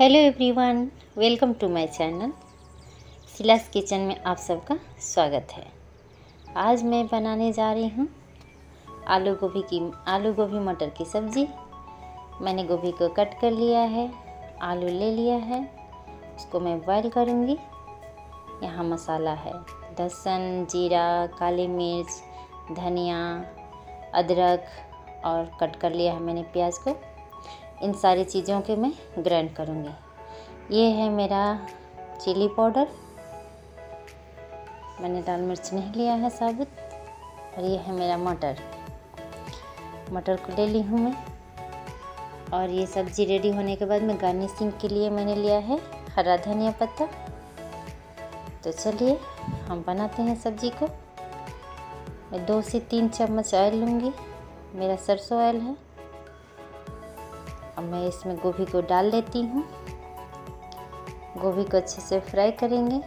hello everyone welcome to my channel Sila's kitchen में आप सबका स्वागत है आज मैं बनाने जा रही हूँ आलू गोभी की आलू गोभी मटर की सब्ज़ी मैंने गोभी को कट कर लिया है आलू ले लिया है उसको मैं बॉईल करूँगी यहाँ मसाला है लहसुन जीरा काली मिर्च धनिया अदरक और कट कर लिया है मैंने प्याज को इन सारी चीज़ों के मैं ग्राइंड करूँगी ये है मेरा चिली पाउडर मैंने लाल मिर्च नहीं लिया है साबुत और ये है मेरा मटर मटर को ले ली हूँ मैं और ये सब्ज़ी रेडी होने के बाद मैं गार्निशिंग के लिए मैंने लिया है हरा धनिया पत्ता तो चलिए हम बनाते हैं सब्ज़ी को मैं दो से तीन चम्मच ऑयल लूँगी मेरा सरसों ऑयल है अब मैं इसमें गोभी को डाल लेती हूँ गोभी को अच्छे से फ्राई करेंगे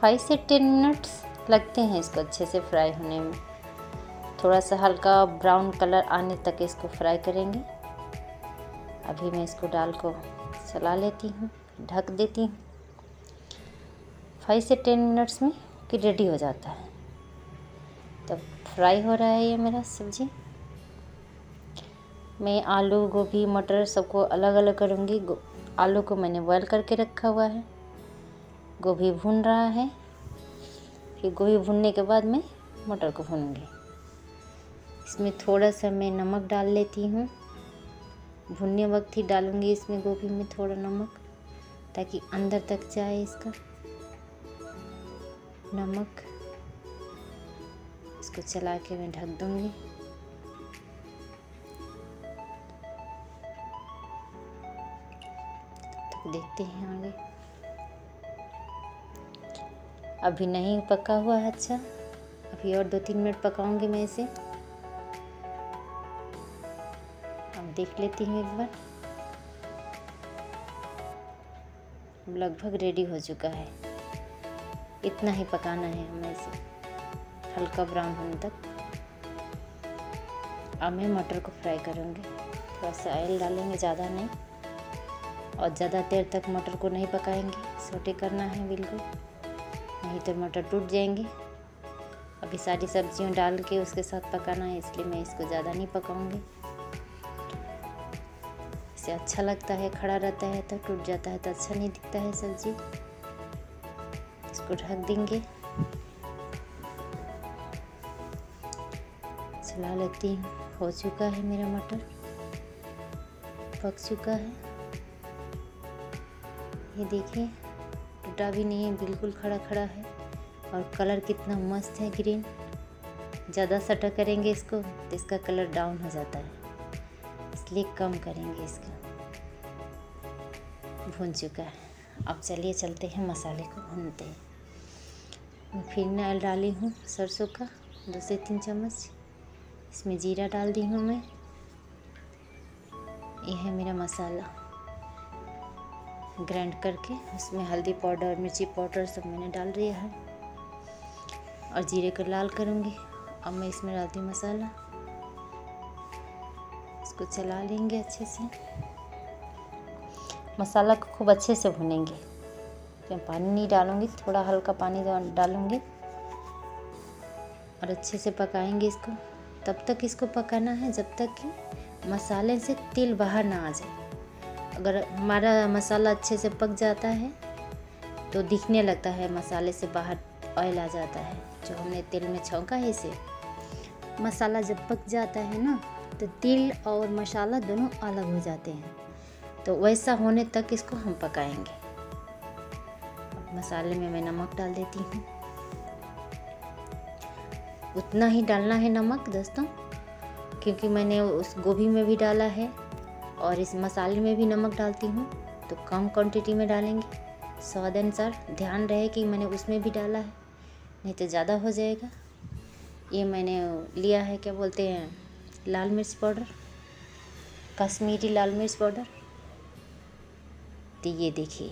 फाइव से टेन मिनट्स लगते हैं इसको अच्छे से फ्राई होने में थोड़ा सा हल्का ब्राउन कलर आने तक इसको फ्राई करेंगे अभी मैं इसको डाल को चला लेती हूँ ढक देती हूँ फाइव से टेन मिनट्स में कि रेडी हो जाता है तब फ्राई हो रहा है ये मेरा सब्ज़ी मैं आलू गोभी मटर सबको अलग अलग करूँगी आलू को मैंने बॉयल करके रखा हुआ है गोभी भून रहा है फिर गोभी भूनने के बाद मैं मटर को भूनूँगी इसमें थोड़ा सा मैं नमक डाल लेती हूँ भुनने वक्त ही डालूँगी इसमें गोभी में थोड़ा नमक ताकि अंदर तक जाए इसका नमक इसको चला के मैं ढक दूँगी देखते हैं आगे अभी नहीं पका हुआ है अच्छा अभी और दो तीन मिनट पकाऊंगी मैं इसे अब देख लेती हूँ एक बार लगभग रेडी हो चुका है इतना ही पकाना है हमें इसे हल्का ब्राउन होने तक अब मैं मटर को फ्राई करूँगी थोड़ा सा ऑयल डालेंगे ज़्यादा नहीं और ज़्यादा देर तक मटर को नहीं पकाएंगे सोटे करना है बिल्कुल नहीं तो मटर टूट जाएंगे अभी सारी सब्जियों डाल के उसके साथ पकाना है इसलिए मैं इसको ज़्यादा नहीं पकाऊंगी इसे अच्छा लगता है खड़ा रहता है तो टूट जाता है तो अच्छा नहीं दिखता है सब्जी इसको ढक देंगे चला लेती हूँ हो चुका है मेरा मटर पक चुका है ये देखिए टूटा भी नहीं है बिल्कुल खड़ा खड़ा है और कलर कितना मस्त है ग्रीन ज़्यादा सटा करेंगे इसको तो इसका कलर डाउन हो जाता है इसलिए कम करेंगे इसका भून चुका है अब चलिए चलते हैं मसाले को भूनते हैं फिर नायल डाली हूँ सरसों का दो से तीन चम्मच इसमें जीरा डाल दी हूँ मैं यह है मेरा मसाला ग्राइंड करके उसमें हल्दी पाउडर मिर्ची पाउडर सब मैंने डाल दिया है और जीरे को लाल करूँगी अब मैं इसमें डालती हूँ मसाला इसको चला लेंगे अच्छे से मसाला को खूब अच्छे से भुनेंगे तो पानी नहीं डालूँगी थोड़ा हल्का पानी डालूँगी और अच्छे से पकाएंगे इसको तब तक इसको पकाना है जब तक कि मसाले से तेल बाहर ना आ जाए अगर हमारा मसाला अच्छे से पक जाता है तो दिखने लगता है मसाले से बाहर ऑयल आ जाता है जो हमने तेल में छौंका है इसे मसाला जब पक जाता है ना तो तिल और मसाला दोनों अलग हो जाते हैं तो वैसा होने तक इसको हम पकाएंगे मसाले में मैं नमक डाल देती हूँ उतना ही डालना है नमक दोस्तों क्योंकि मैंने उस गोभी में भी डाला है और इस मसाले में भी नमक डालती हूँ तो कम क्वांटिटी में डालेंगे स्वाद अनुसार ध्यान रहे कि मैंने उसमें भी डाला है नहीं तो ज़्यादा हो जाएगा ये मैंने लिया है क्या बोलते हैं लाल मिर्च पाउडर कश्मीरी लाल मिर्च पाउडर तो ये देखिए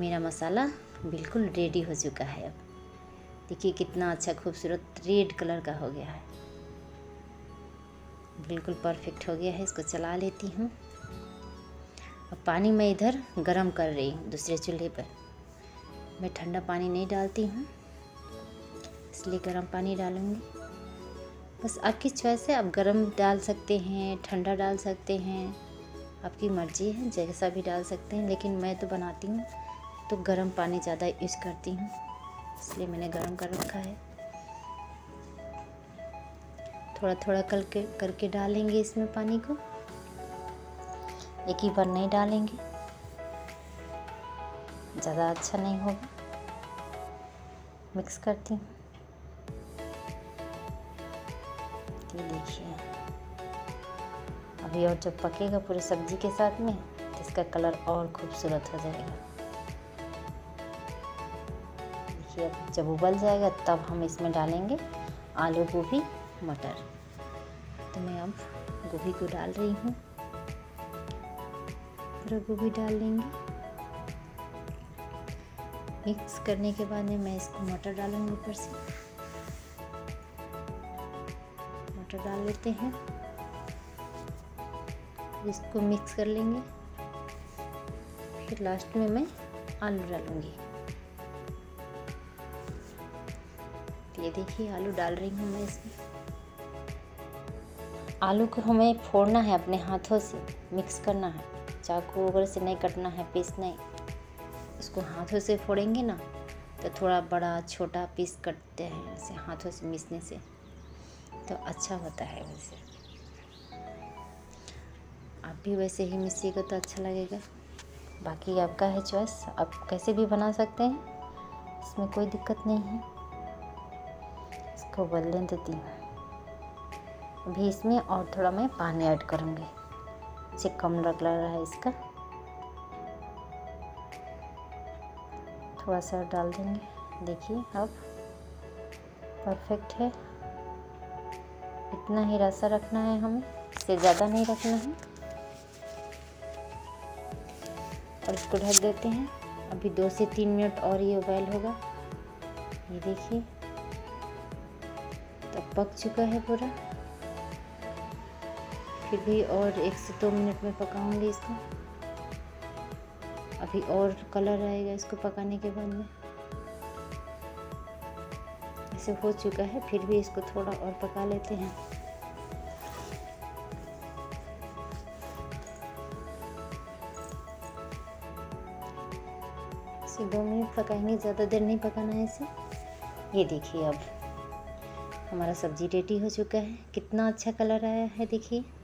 मेरा मसाला बिल्कुल रेडी हो चुका है अब देखिए कितना अच्छा खूबसूरत रेड कलर का हो गया है बिल्कुल परफेक्ट हो गया है इसको चला लेती हूँ अब पानी मैं इधर गर्म कर रही हूँ दूसरे चूल्हे पर मैं ठंडा पानी नहीं डालती हूँ इसलिए गर्म पानी डालूँगी बस आपकी चॉइस है आप गर्म डाल सकते हैं ठंडा डाल सकते हैं आपकी मर्ज़ी है जैसा भी डाल सकते हैं लेकिन मैं तो बनाती हूँ तो गर्म पानी ज़्यादा यूज़ करती हूँ इसलिए मैंने गर्म कर रखा है थोड़ा थोड़ा करके करके डालेंगे इसमें पानी को एक ही बार नहीं डालेंगे ज़्यादा अच्छा नहीं होगा मिक्स करती हूँ ये देखिए अभी और जब पकेगा पूरे सब्जी के साथ में तो इसका कलर और खूबसूरत हो जाएगा देखिए जब उबल जाएगा तब हम इसमें डालेंगे आलू गोभी मटर इसमें अब गोभी को डाल रही हूँ पूरा गोभी डाल लेंगे मिक्स करने के बाद में मैं इसको मटर डालूंगी ऊपर से मटर डाल लेते हैं इसको मिक्स कर लेंगे फिर लास्ट में मैं आलू डालूंगी ये देखिए आलू डाल रही हूँ मैं इसमें आलू को हमें फोड़ना है अपने हाथों से मिक्स करना है चाकू वगैरह से नहीं कटना है पीस नहीं इसको हाथों से फोड़ेंगे ना तो थोड़ा बड़ा छोटा पीस कटते हैं ऐसे हाथों से मिसने से तो अच्छा होता है वैसे आप भी वैसे ही मिसिएगा तो अच्छा लगेगा बाकी आपका है चॉइस आप कैसे भी बना सकते हैं इसमें कोई दिक्कत नहीं है इसको बदलने देती तो हूँ भी इसमें और थोड़ा मैं पानी ऐड करूँगी इसे कम लग रहा है इसका थोड़ा सा डाल देंगे देखिए अब परफेक्ट है इतना ही रसा रखना है हमें इससे ज़्यादा नहीं रखना है और इसको ढक देते हैं अभी दो से तीन मिनट और ये उबाइल होगा ये देखिए तो पक चुका है पूरा फिर भी और एक से दो मिनट में पकाऊंगी इसको अभी और कलर आएगा इसको पकाने के बाद में ऐसे हो चुका है फिर भी इसको थोड़ा और पका लेते हैं इसे दो मिनट पकाएंगे ज़्यादा देर नहीं पकाना है इसे ये देखिए अब हमारा सब्जी रेडी हो चुका है कितना अच्छा कलर आया है देखिए